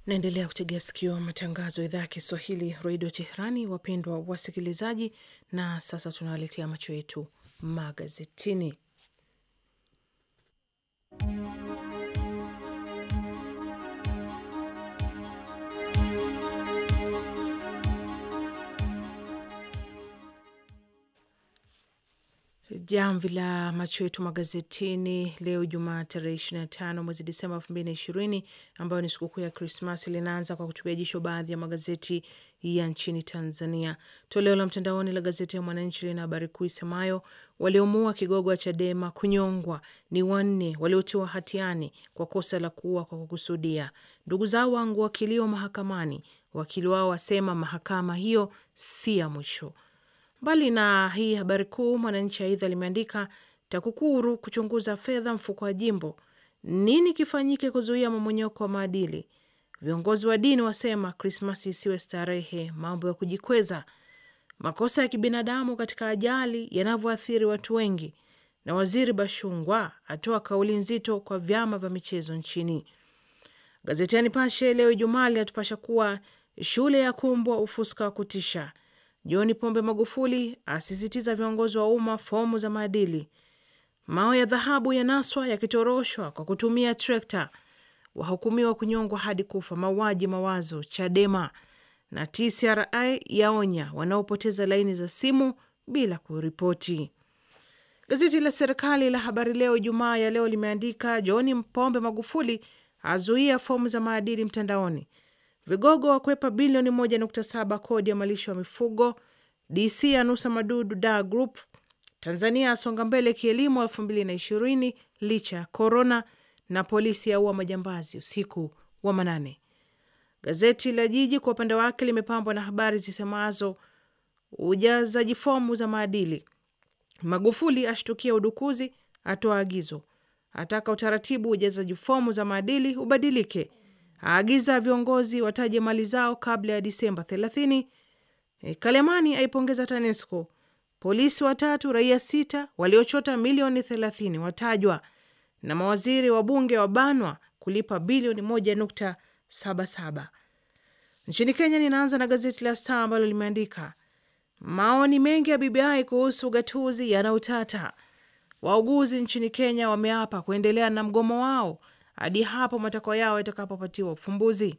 Naendelea kutegea sikio matangazo idhaa ya Kiswahili redio Teherani, wapendwa wasikilizaji, na sasa tunawaletea macho yetu magazetini. Jamvi la macho yetu magazetini leo Jumaa tarehe ishirini na tano mwezi Disemba elfu mbili na ishirini ambayo ni sikukuu ya Krismasi linaanza kwa kutupia jisho baadhi ya magazeti ya nchini Tanzania. Toleo la mtandaoni la gazeti ya Mwananchi lina habari kuu isemayo waliomua kigogo wa Chadema kunyongwa ni wanne waliotiwa hatiani kwa kosa la kuua kwa kukusudia, ndugu zao wangu kilio mahakamani, wakili wao wasema mahakama hiyo si ya mwisho Mbali na hii habari kuu, Mwananchi aidha limeandika TAKUKURU kuchunguza fedha mfuko wa jimbo, nini kifanyike kuzuia mamonyoko wa maadili? Viongozi wa dini wasema Krismasi isiwe starehe, mambo ya kujikweza. Makosa ya kibinadamu katika ajali yanavyoathiri watu wengi, na waziri Bashungwa atoa kauli nzito kwa vyama vya michezo nchini. Gazeti ya Nipashe leo Ijumaa linatupasha kuwa shule ya kumbwa ufuska wa kutisha, John Pombe Magufuli asisitiza viongozi wa umma fomu za maadili. mao ya dhahabu yanaswa yakitoroshwa kwa kutumia trekta. Wahukumiwa kunyongwa hadi kufa, mauaji mawazo Chadema. Na tcri yaonya wanaopoteza laini za simu bila kuripoti. Gazeti la serikali la Habari Leo Ijumaa ya leo limeandika John Pombe Magufuli azuia fomu za maadili mtandaoni Vigogo wakwepa bilioni 1.7 kodi ya malisho ya mifugo. DC anusa madudu da group. Tanzania asonga mbele kielimu 2020 licha ya korona, na polisi yaua majambazi usiku wa manane. Gazeti la Jiji kwa upande wake limepambwa na habari zisemazo ujazaji fomu za maadili, Magufuli ashtukia udukuzi, atoa agizo, ataka utaratibu ujazaji fomu za maadili ubadilike, aagiza viongozi wataje mali zao kabla ya Disemba 30. Eh, Kalemani aipongeza TANESCO. Polisi watatu raia sita waliochota milioni 30 watajwa, na mawaziri wa bunge wabanwa kulipa bilioni 1.77. Nchini Kenya, ninaanza na gazeti la Star ambalo limeandika maoni mengi ya BBI kuhusu ugatuzi yana utata. Wauguzi nchini Kenya wameapa kuendelea na mgomo wao hadi hapo matakwa yao yatakapopatiwa ufumbuzi.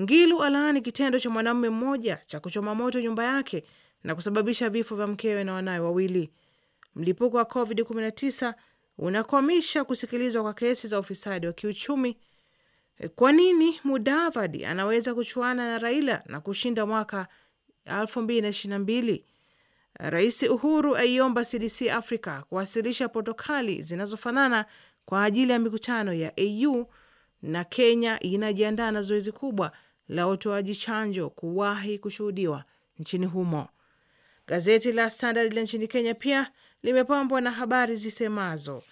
Ngilu alaani kitendo cha mwanamume mmoja cha kuchoma moto nyumba yake na kusababisha vifo vya mkewe na wanawe wawili. Mlipuko wa COVID-19 unakwamisha kusikilizwa kwa kesi za ufisadi wa kiuchumi. Kwa nini Mudavadi anaweza kuchuana na Raila na kushinda mwaka 2022? Rais Uhuru aiomba CDC Africa kuwasilisha protokali zinazofanana kwa ajili ya mikutano ya AU na Kenya inajiandaa na zoezi kubwa la utoaji chanjo kuwahi kushuhudiwa nchini humo. Gazeti la Standard la nchini Kenya pia limepambwa na habari zisemazo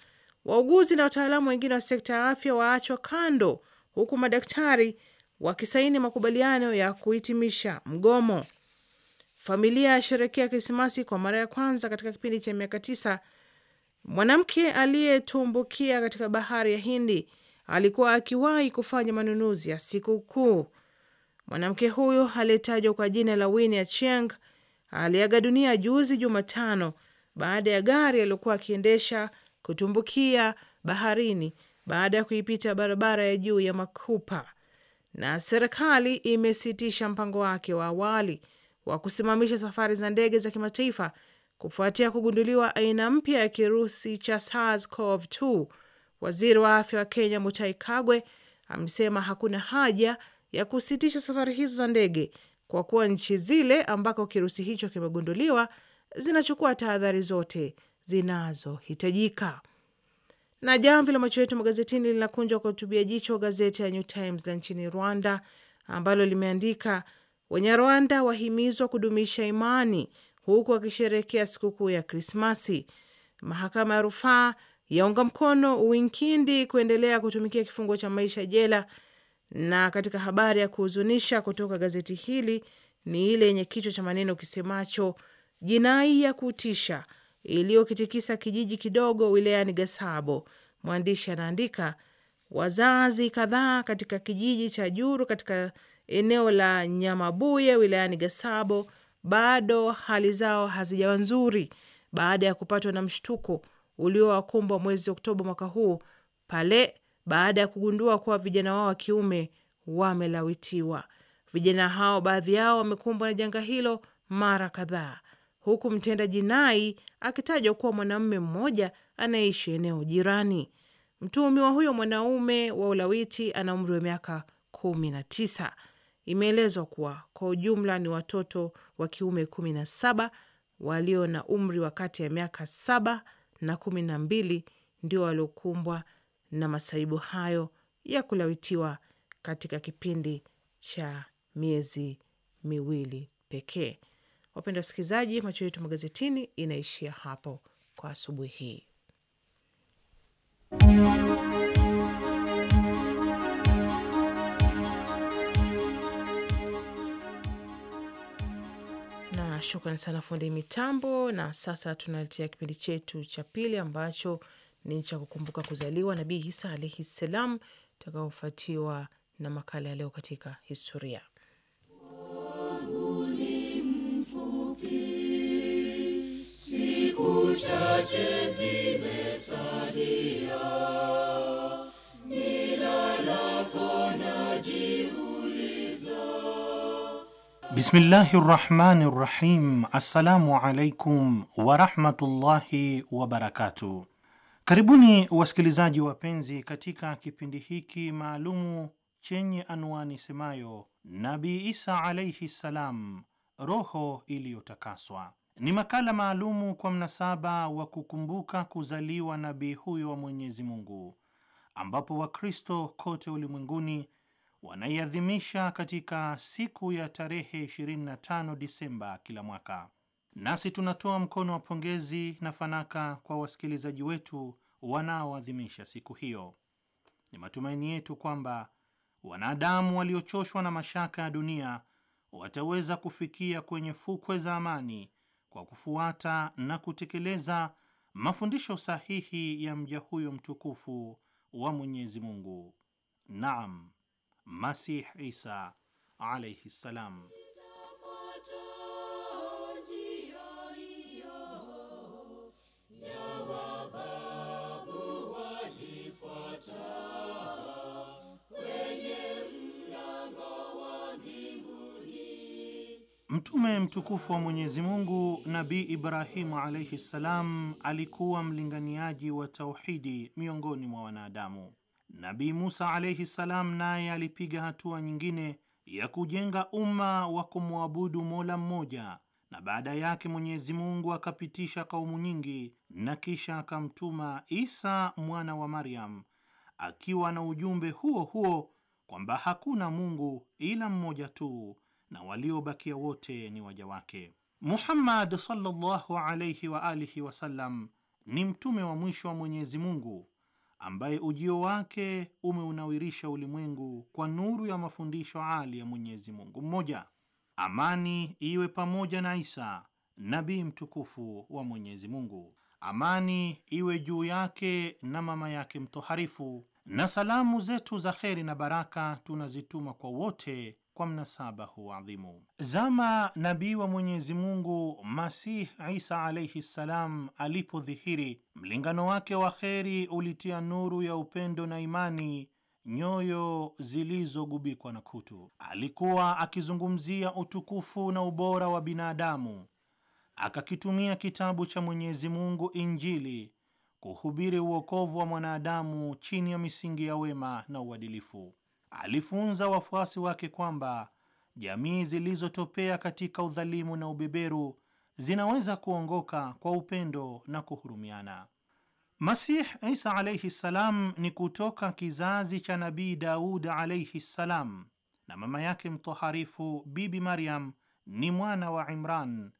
wauguzi na wataalamu wengine wa sekta ya afya waachwa kando, huku madaktari wakisaini makubaliano ya kuhitimisha mgomo. Familia yasherekea Krismasi kwa mara ya kwanza katika kipindi cha miaka tisa Mwanamke aliyetumbukia katika bahari ya Hindi alikuwa akiwahi kufanya manunuzi ya siku kuu Mwanamke huyo aliyetajwa kwa jina la Winnie Achieng aliaga dunia juzi Jumatano baada ya gari aliyokuwa akiendesha kutumbukia baharini baada ya kuipita barabara ya juu ya Makupa, na serikali imesitisha mpango wake wa awali wa kusimamisha safari za ndege za kimataifa kufuatia kugunduliwa aina mpya ya kirusi cha SARS-CoV-2. Waziri wa afya wa Kenya mutai Kagwe amesema hakuna haja ya kusitisha safari hizo za ndege kwa kuwa nchi zile ambako kirusi hicho kimegunduliwa zinachukua tahadhari zote zinazohitajika. Na jamvi la macho yetu magazetini linakunjwa kwa utubia jicho gazeti ya New Times la nchini Rwanda ambalo limeandika Wanyarwanda wahimizwa kudumisha imani huku akisherekea sikukuu ya Krismasi. Mahakama ya rufaa yaunga mkono Winkindi kuendelea kutumikia kifungo cha maisha jela. Na katika habari ya kuhuzunisha kutoka gazeti hili ni ile yenye kichwa cha maneno kisemacho jinai ya kutisha iliyokitikisa kijiji kidogo wilayani Gasabo. Mwandishi anaandika wazazi kadhaa katika kijiji cha Juru katika eneo la Nyamabuye wilayani Gasabo bado hali zao hazijawa nzuri baada ya kupatwa na mshtuko uliowakumbwa mwezi Oktoba mwaka huu pale baada ya kugundua kuwa vijana wao wa kiume wamelawitiwa. Vijana hao baadhi yao wamekumbwa na janga hilo mara kadhaa, huku mtenda jinai akitajwa kuwa mwanamume mmoja anayeishi eneo jirani. Mtuhumiwa huyo mwanaume wa ulawiti ana umri wa miaka kumi na tisa. Imeelezwa kuwa kwa ujumla ni watoto wa kiume kumi na saba walio na umri wa kati ya miaka saba na kumi na mbili ndio waliokumbwa na masaibu hayo ya kulawitiwa katika kipindi cha miezi miwili pekee. Wapenda wasikilizaji, macho yetu magazetini inaishia hapo kwa asubuhi hii. Shukran sana fundi mitambo. Na sasa tunaletea kipindi chetu cha pili ambacho ni cha kukumbuka kuzaliwa Nabii Isa alaihi ssalam, itakaofuatiwa na makala ya leo katika historia. Siku chache zimesalia Bismillahi rahmani rahim. Assalamu alaikum warahmatullahi wabarakatu Karibuni wasikilizaji wapenzi katika kipindi hiki maalumu chenye anwani semayo nabi Isa alaihi ssalam, roho iliyotakaswa. Ni makala maalumu kwa mnasaba wa kukumbuka kuzaliwa nabii huyo wa Mwenyezi Mungu, ambapo Wakristo kote ulimwenguni wanaiadhimisha katika siku ya tarehe 25 Disemba kila mwaka. Nasi tunatoa mkono wa pongezi na fanaka kwa wasikilizaji wetu wanaoadhimisha siku hiyo. Ni matumaini yetu kwamba wanadamu waliochoshwa na mashaka ya dunia wataweza kufikia kwenye fukwe za amani kwa kufuata na kutekeleza mafundisho sahihi ya mja huyo mtukufu wa Mwenyezi Mungu. Naam. Masih Isa alaihi ssalam. Mtume mtukufu wa Mwenyezi Mungu Nabii Ibrahimu alaihi ssalam alikuwa mlinganiaji wa tauhidi miongoni mwa wanadamu. Nabii Musa alaihi salam naye alipiga hatua nyingine ya kujenga umma wa kumwabudu Mola mmoja, na baada yake Mwenyezi Mungu akapitisha kaumu nyingi, na kisha akamtuma Isa mwana wa Maryam akiwa na ujumbe huo huo kwamba hakuna Mungu ila mmoja tu na waliobakia wote ni waja wake. Muhammad sallallahu alayhi wa alihi wasallam ni mtume wa mwisho wa Mwenyezi Mungu ambaye ujio wake umeunawirisha ulimwengu kwa nuru ya mafundisho ali ya Mwenyezi Mungu mmoja. Amani iwe pamoja na Isa nabii mtukufu wa Mwenyezi Mungu, amani iwe juu yake na mama yake mtoharifu, na salamu zetu za kheri na baraka tunazituma kwa wote kwa mnasaba huu adhimu. Zama nabii wa Mwenyezi Mungu Masih Isa alaihi ssalam alipodhihiri, mlingano wake wa kheri ulitia nuru ya upendo na imani nyoyo zilizogubikwa na kutu. Alikuwa akizungumzia utukufu na ubora wa binadamu, akakitumia kitabu cha Mwenyezi Mungu, Injili, kuhubiri uokovu wa mwanadamu chini ya misingi ya wema na uadilifu alifunza wafuasi wake kwamba jamii zilizotopea katika udhalimu na ubeberu zinaweza kuongoka kwa upendo na kuhurumiana. Masih Isa alaihi ssalam ni kutoka kizazi cha Nabii Daud alaihi ssalam, na mama yake mtoharifu Bibi Maryam ni mwana wa Imran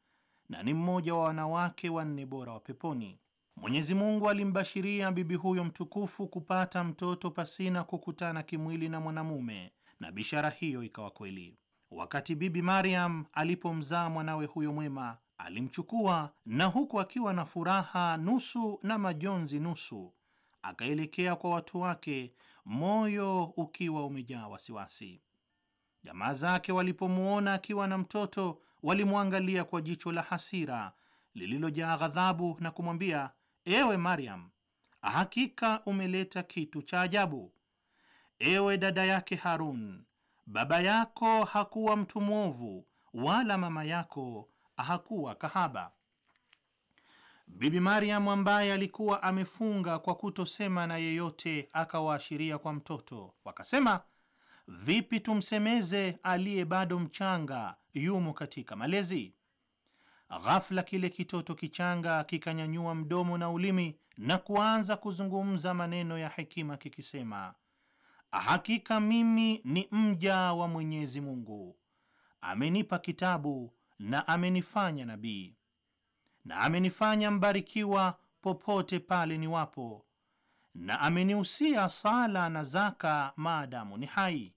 na ni mmoja wa wanawake wanne bora wa peponi. Mwenyezi Mungu alimbashiria bibi huyo mtukufu kupata mtoto pasina kukutana kimwili na mwanamume, na bishara hiyo ikawa kweli. Wakati bibi Mariam alipomzaa mwanawe huyo mwema, alimchukua na huku akiwa na furaha nusu na majonzi nusu, akaelekea kwa watu wake, moyo ukiwa umejaa wasiwasi. Jamaa zake walipomwona akiwa na mtoto, walimwangalia kwa jicho la hasira lililojaa ghadhabu na kumwambia Ewe Maryam, hakika umeleta kitu cha ajabu. Ewe dada yake Harun, baba yako hakuwa mtu mwovu, wala mama yako hakuwa kahaba. Bibi Maryam, ambaye alikuwa amefunga kwa kutosema na yeyote, akawaashiria kwa mtoto. Wakasema, vipi tumsemeze aliye bado mchanga, yumo katika malezi? Ghafla kile kitoto kichanga kikanyanyua mdomo na ulimi na kuanza kuzungumza maneno ya hekima kikisema, hakika mimi ni mja wa Mwenyezi Mungu, amenipa kitabu na amenifanya nabii na amenifanya mbarikiwa popote pale niwapo, na amenihusia sala na zaka maadamu ni hai,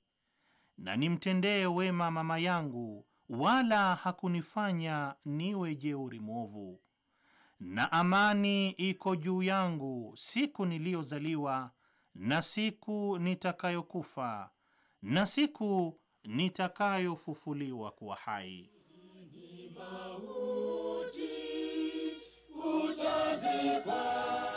na nimtendee wema mama yangu wala hakunifanya niwe jeuri mwovu, na amani iko juu yangu siku niliyozaliwa na siku nitakayokufa na siku nitakayofufuliwa kuwa hai. Ni mauti utazikwa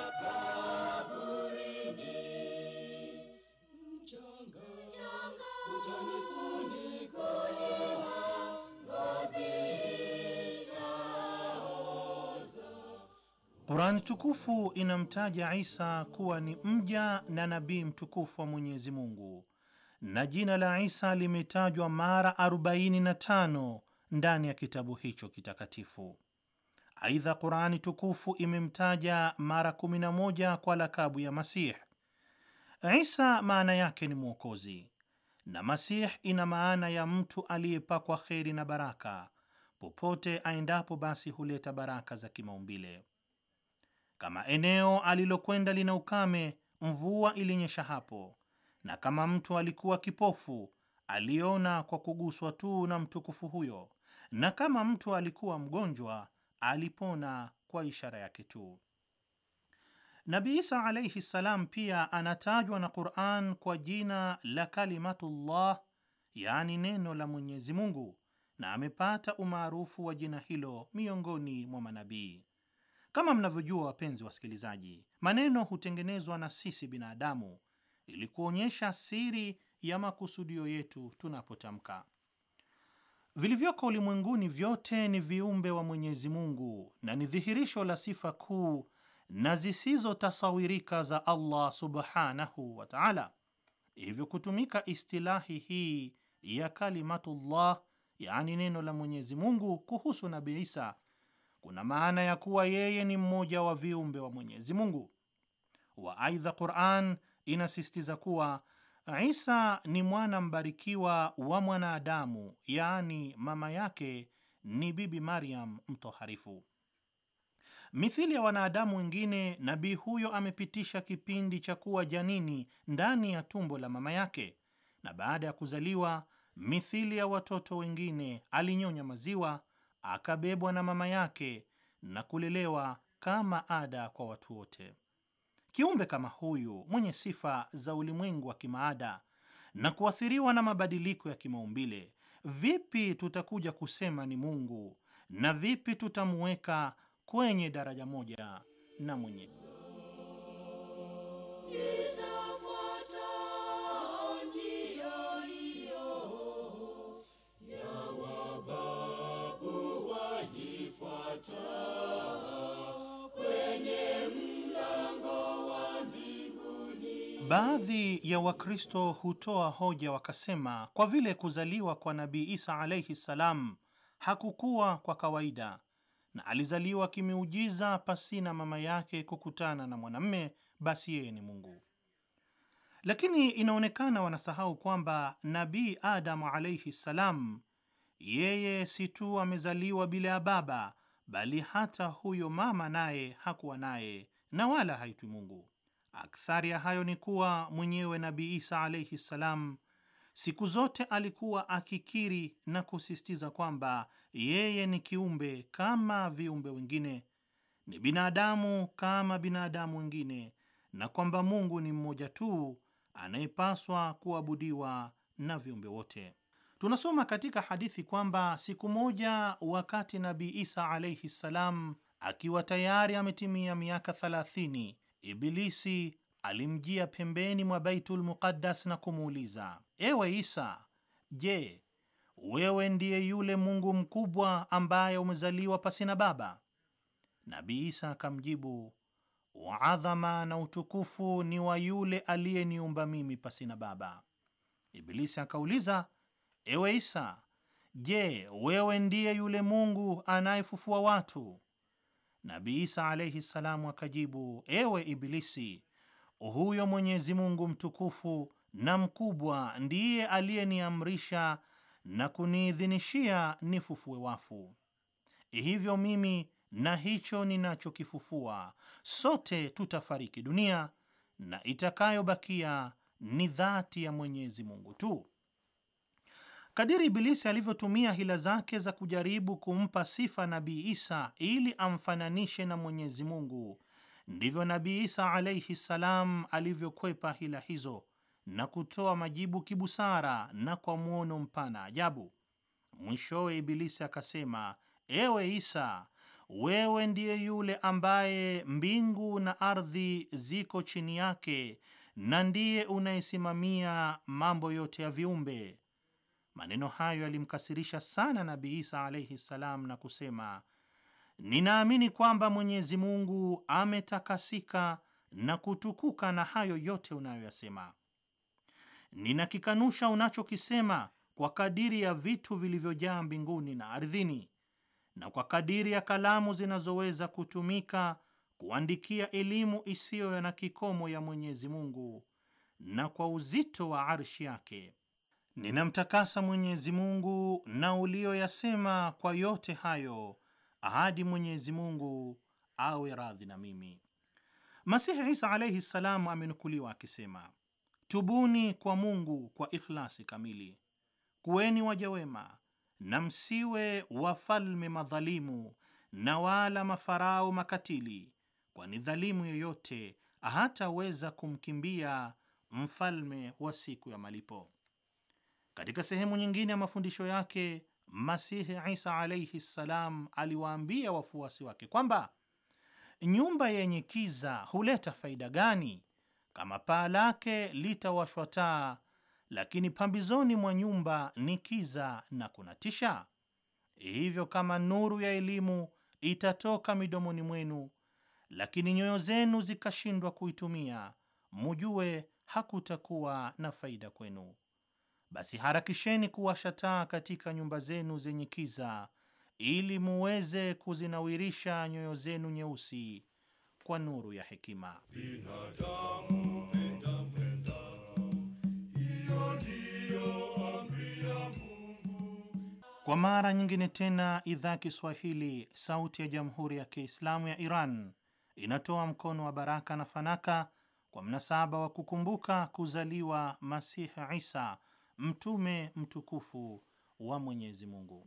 Qurani tukufu inamtaja Isa kuwa ni mja na nabii mtukufu wa Mwenyezi Mungu, na jina la Isa limetajwa mara 45 ndani ya kitabu hicho kitakatifu. Aidha, Qurani tukufu imemtaja mara 11 kwa lakabu ya Masih. Isa maana yake ni mwokozi, na Masih ina maana ya mtu aliyepakwa kheri na baraka. Popote aendapo, basi huleta baraka za kimaumbile. Kama eneo alilokwenda lina ukame, mvua ilinyesha hapo, na kama mtu alikuwa kipofu, aliona kwa kuguswa tu na mtukufu huyo, na kama mtu alikuwa mgonjwa, alipona kwa ishara yake tu. Nabi Isa alaihi ssalam pia anatajwa na Quran kwa jina la Kalimatullah, yaani neno la Mwenyezi Mungu, na amepata umaarufu wa jina hilo miongoni mwa manabii. Kama mnavyojua wapenzi wasikilizaji, maneno hutengenezwa na sisi binadamu ili kuonyesha siri ya makusudio yetu tunapotamka. Vilivyoko ulimwenguni vyote ni viumbe wa Mwenyezi Mungu na ni dhihirisho la sifa kuu na zisizotasawirika za Allah subhanahu wa taala. Hivyo kutumika istilahi hii ya Kalimatullah, yaani neno la Mwenyezi Mungu kuhusu Nabii Isa kuna maana ya kuwa yeye ni mmoja wa viumbe wa Mwenyezi Mungu. wa Aidha, Quran inasisitiza kuwa Isa ni mwana mbarikiwa wa mwanadamu, yaani mama yake ni Bibi Maryam mtoharifu. Mithili ya wanadamu wengine, nabii huyo amepitisha kipindi cha kuwa janini ndani ya tumbo la mama yake, na baada ya kuzaliwa, mithili ya watoto wengine, alinyonya maziwa akabebwa na mama yake na kulelewa kama ada kwa watu wote. Kiumbe kama huyu mwenye sifa za ulimwengu wa kimaada na kuathiriwa na mabadiliko ya kimaumbile, vipi tutakuja kusema ni Mungu na vipi tutamuweka kwenye daraja moja na mwenyewe? Baadhi ya Wakristo hutoa hoja wakasema, kwa vile kuzaliwa kwa Nabii Isa alaihi ssalam hakukuwa kwa kawaida na alizaliwa kimeujiza pasina mama yake kukutana na mwanamme, basi yeye ni Mungu. Lakini inaonekana wanasahau kwamba Nabii Adamu alaihi ssalam yeye si tu amezaliwa bila ya baba, bali hata huyo mama naye hakuwa naye na wala haitwi Mungu. Akthari ya hayo ni kuwa mwenyewe Nabii Isa alaihi ssalam siku zote alikuwa akikiri na kusisitiza kwamba yeye ni kiumbe kama viumbe wengine, ni binadamu kama binadamu wengine, na kwamba Mungu ni mmoja tu anayepaswa kuabudiwa na viumbe wote. Tunasoma katika hadithi kwamba siku moja, wakati Nabii Isa alaihi ssalam akiwa tayari ametimia miaka 30 Ibilisi alimjia pembeni mwa Baitul Muqaddas na kumuuliza, ewe Isa, je, wewe ndiye yule Mungu mkubwa ambaye umezaliwa pasina baba? Nabii Isa akamjibu, uadhama na utukufu ni wa yule aliyeniumba mimi pasina baba. Ibilisi akauliza, ewe Isa, je, wewe ndiye yule Mungu anayefufua watu? Nabi Isa alaihi ssalamu akajibu, ewe Ibilisi, huyo Mwenyezi Mungu mtukufu na mkubwa ndiye aliyeniamrisha na kuniidhinishia nifufue wafu, hivyo mimi na hicho ninachokifufua sote tutafariki dunia na itakayobakia ni dhati ya Mwenyezi Mungu tu. Kadiri Ibilisi alivyotumia hila zake za kujaribu kumpa sifa Nabii Isa ili amfananishe na Mwenyezi Mungu, ndivyo Nabii Isa alaihi ssalam alivyokwepa hila hizo na kutoa majibu kibusara na kwa mwono mpana ajabu. Mwishowe Ibilisi akasema, ewe Isa, wewe ndiye yule ambaye mbingu na ardhi ziko chini yake na ndiye unayesimamia mambo yote ya viumbe Maneno hayo yalimkasirisha sana Nabi Isa alaihi ssalam, na kusema, ninaamini kwamba Mwenyezi Mungu ametakasika na kutukuka na hayo yote unayoyasema. Ninakikanusha unachokisema kwa kadiri ya vitu vilivyojaa mbinguni na ardhini na kwa kadiri ya kalamu zinazoweza kutumika kuandikia elimu isiyo na kikomo ya Mwenyezi Mungu na kwa uzito wa arshi yake Ninamtakasa Mwenyezi Mungu na uliyoyasema kwa yote hayo ahadi Mwenyezi Mungu awe radhi na mimi. Masihi Isa alaihi ssalamu amenukuliwa akisema, tubuni kwa Mungu kwa ikhlasi kamili, kuweni waja wema na msiwe wafalme madhalimu na wala mafarao makatili, kwani dhalimu yoyote hataweza kumkimbia mfalme wa siku ya malipo. Katika sehemu nyingine ya mafundisho yake Masihi Isa alaihi ssalam aliwaambia wafuasi wake kwamba nyumba yenye kiza huleta faida gani kama paa lake litawashwa taa, lakini pambizoni mwa nyumba ni kiza na kunatisha? Hivyo kama nuru ya elimu itatoka midomoni mwenu, lakini nyoyo zenu zikashindwa kuitumia, mujue hakutakuwa na faida kwenu basi harakisheni kuwasha taa katika nyumba zenu zenye kiza, ili muweze kuzinawirisha nyoyo zenu nyeusi kwa nuru ya hekima. Binadamu, Kwa mara nyingine tena idhaa Kiswahili sauti ya jamhuri ya Kiislamu ya Iran inatoa mkono wa baraka na fanaka kwa mnasaba wa kukumbuka kuzaliwa Masihi Isa mtume mtukufu wa Mwenyezi Mungu.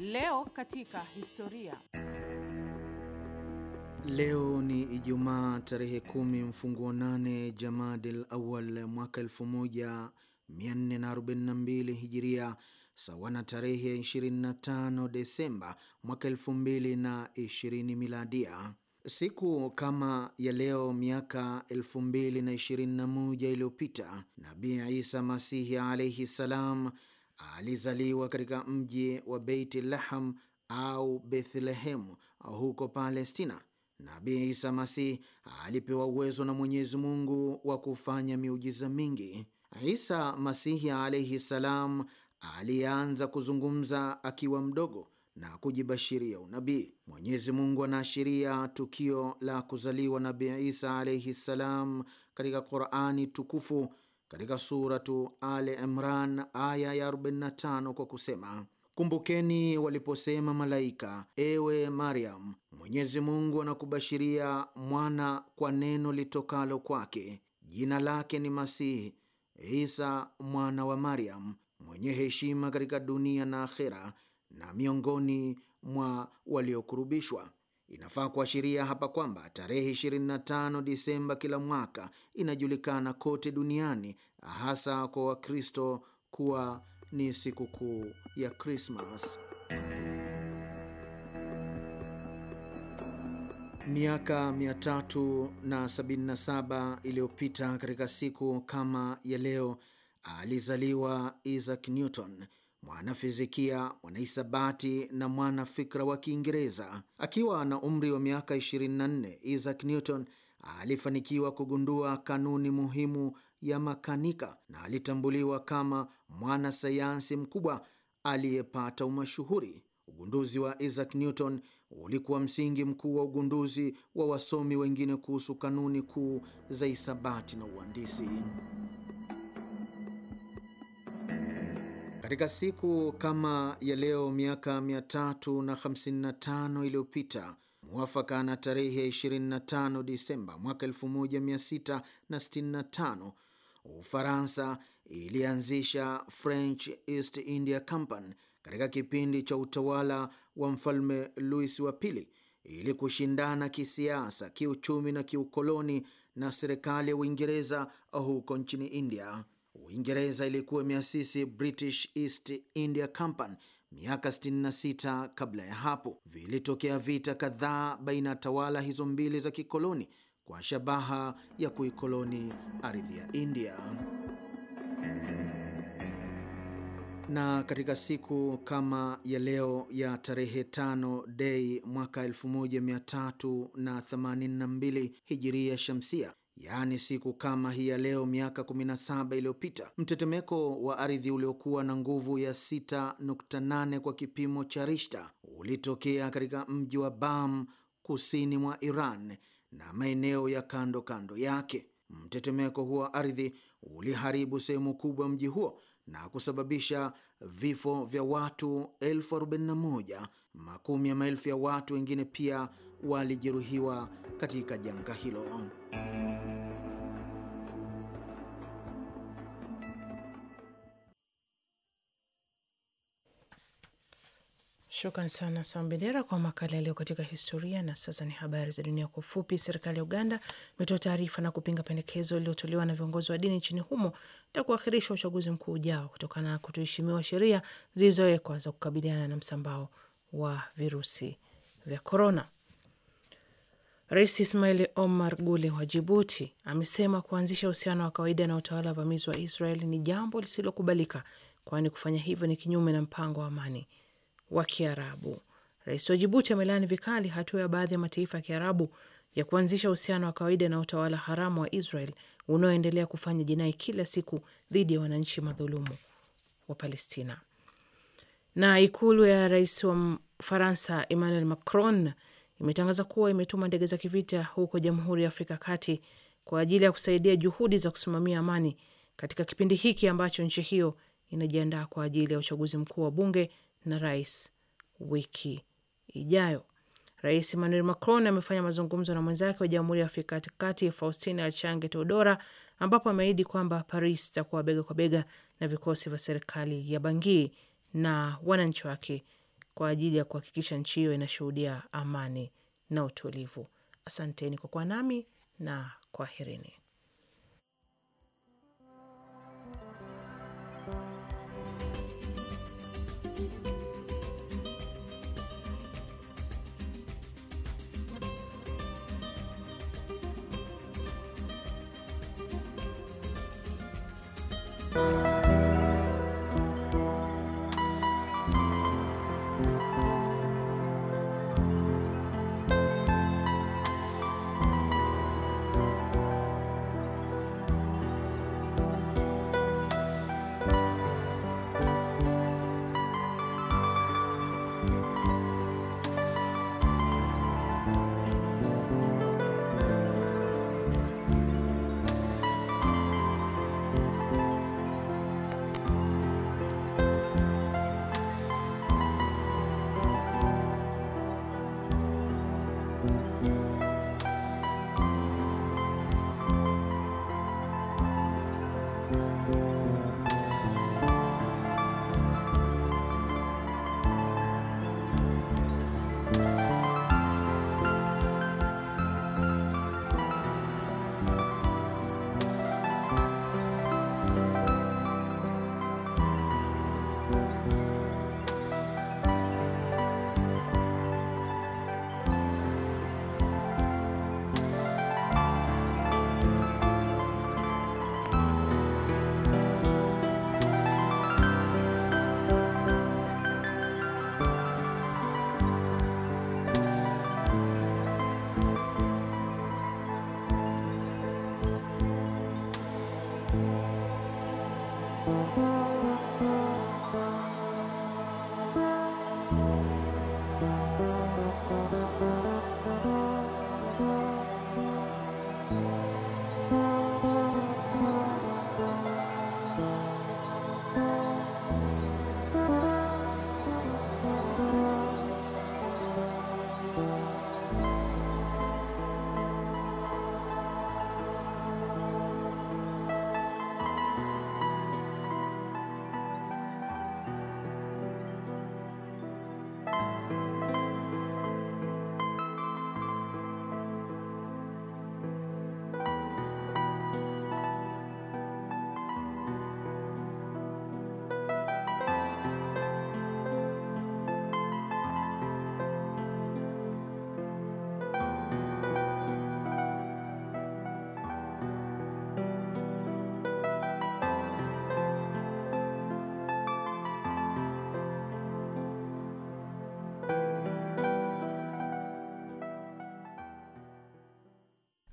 Leo katika historia Leo ni Ijumaa tarehe kumi mfunguo nane Jamadil Awal mwaka 1442 Hijiria, sawa na tarehe 25 Desemba mwaka 2020 Miladia. Siku kama ya leo miaka 2021 iliyopita nabi Isa Masihi alaihi ssalam alizaliwa katika mji wa Beit Laham au Bethlehemu huko Palestina nabi Isa Masih alipewa uwezo na Mwenyezi Mungu wa kufanya miujiza mingi. Isa Masihi alaihi salam alianza kuzungumza akiwa mdogo na kujibashiria unabii. Mwenyezi Mungu anaashiria tukio la kuzaliwa nabi Isa alaihi salam katika Qurani tukufu katika Suratu Al Imran aya ya 45 kwa kusema, kumbukeni waliposema malaika, ewe Maryam, Mwenyezi Mungu anakubashiria mwana kwa neno litokalo kwake, jina lake ni Masihi Isa mwana wa Maryam, mwenye heshima katika dunia na akhera, na miongoni mwa waliokurubishwa. Inafaa kuashiria hapa kwamba tarehe 25 Disemba kila mwaka inajulikana kote duniani, hasa kwa Wakristo, kuwa ni sikukuu ya Krismas. Miaka 377 iliyopita katika siku kama ya leo alizaliwa Isaac Newton, mwanafizikia, mwanahisabati na mwanafikra wa Kiingereza. Akiwa na umri wa miaka 24, Isaac Newton alifanikiwa kugundua kanuni muhimu ya makanika na alitambuliwa kama mwanasayansi mkubwa aliyepata umashuhuri. Ugunduzi wa Isaac Newton ulikuwa msingi mkuu wa ugunduzi wa wasomi wengine kuhusu kanuni kuu za hisabati na uhandisi. Katika siku kama ya leo miaka 355 iliyopita mwafaka na tarehe ya 25 Disemba mwaka 1665 Ufaransa ilianzisha French East India Company katika kipindi cha utawala wa mfalme Louis wa pili ili kushindana kisiasa, kiuchumi na kiukoloni na serikali ya Uingereza huko nchini India. Uingereza ilikuwa imeasisi British East India Company miaka 66 kabla ya hapo. Vilitokea vita kadhaa baina ya tawala hizo mbili za kikoloni kwa shabaha ya kuikoloni ardhi ya India. Na katika siku kama ya leo ya tarehe tano Dei mwaka 1382 hijiria shamsia, yaani siku kama hii ya leo miaka 17 iliyopita, mtetemeko wa ardhi uliokuwa na nguvu ya 6.8 kwa kipimo cha Rishta ulitokea katika mji wa Bam kusini mwa Iran na maeneo ya kando kando yake. Mtetemeko huo wa ardhi uliharibu sehemu kubwa mji huo na kusababisha vifo vya watu elfu arobaini na moja. Makumi ya maelfu ya watu wengine pia walijeruhiwa katika janga hilo. Shukran sana Sambendera kwa makala yaliyo katika historia. Na sasa ni habari za dunia kwa ufupi. Serikali ya Uganda imetoa taarifa na kupinga pendekezo lililotolewa na viongozi wa dini nchini humo la kuahirishwa uchaguzi mkuu ujao kutokana na kutoheshimiwa sheria zilizowekwa za kukabiliana na msambao wa virusi vya korona. Rais Ismail Omar Gule wa Jibuti amesema kuanzisha uhusiano wa kawaida na utawala vamizi wa Israel ni jambo lisilokubalika, kwani kufanya hivyo ni kinyume na mpango wa amani wa Kiarabu. Rais wa Jibuti amelaani vikali hatua ya baadhi ya mataifa ya Kiarabu ya kuanzisha uhusiano wa kawaida na utawala haramu wa Israel unaoendelea kufanya jinai kila siku dhidi ya wananchi madhulumu wa Palestina. Na ikulu ya rais wa Faransa Emmanuel Macron imetangaza kuwa imetuma ndege za kivita huko Jamhuri ya Afrika Kati kwa ajili ya kusaidia juhudi za kusimamia amani katika kipindi hiki ambacho nchi hiyo inajiandaa kwa ajili ya uchaguzi mkuu wa bunge na rais wiki ijayo. Rais Emmanuel Macron amefanya mazungumzo na mwenzake wa Jamhuri ya Afrika katikati faustina Faustin Archange Teodora, ambapo ameahidi kwamba Paris itakuwa bega kwa bega na vikosi vya serikali ya Bangui na wananchi wake kwa ajili ya kuhakikisha nchi hiyo inashuhudia amani na utulivu. Asanteni kwa kuwa nami na kwaherini.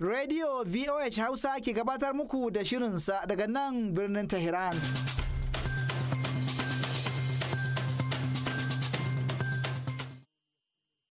radio voh hausa ke gabatar muku da shirinsa daga nan birnin tehran.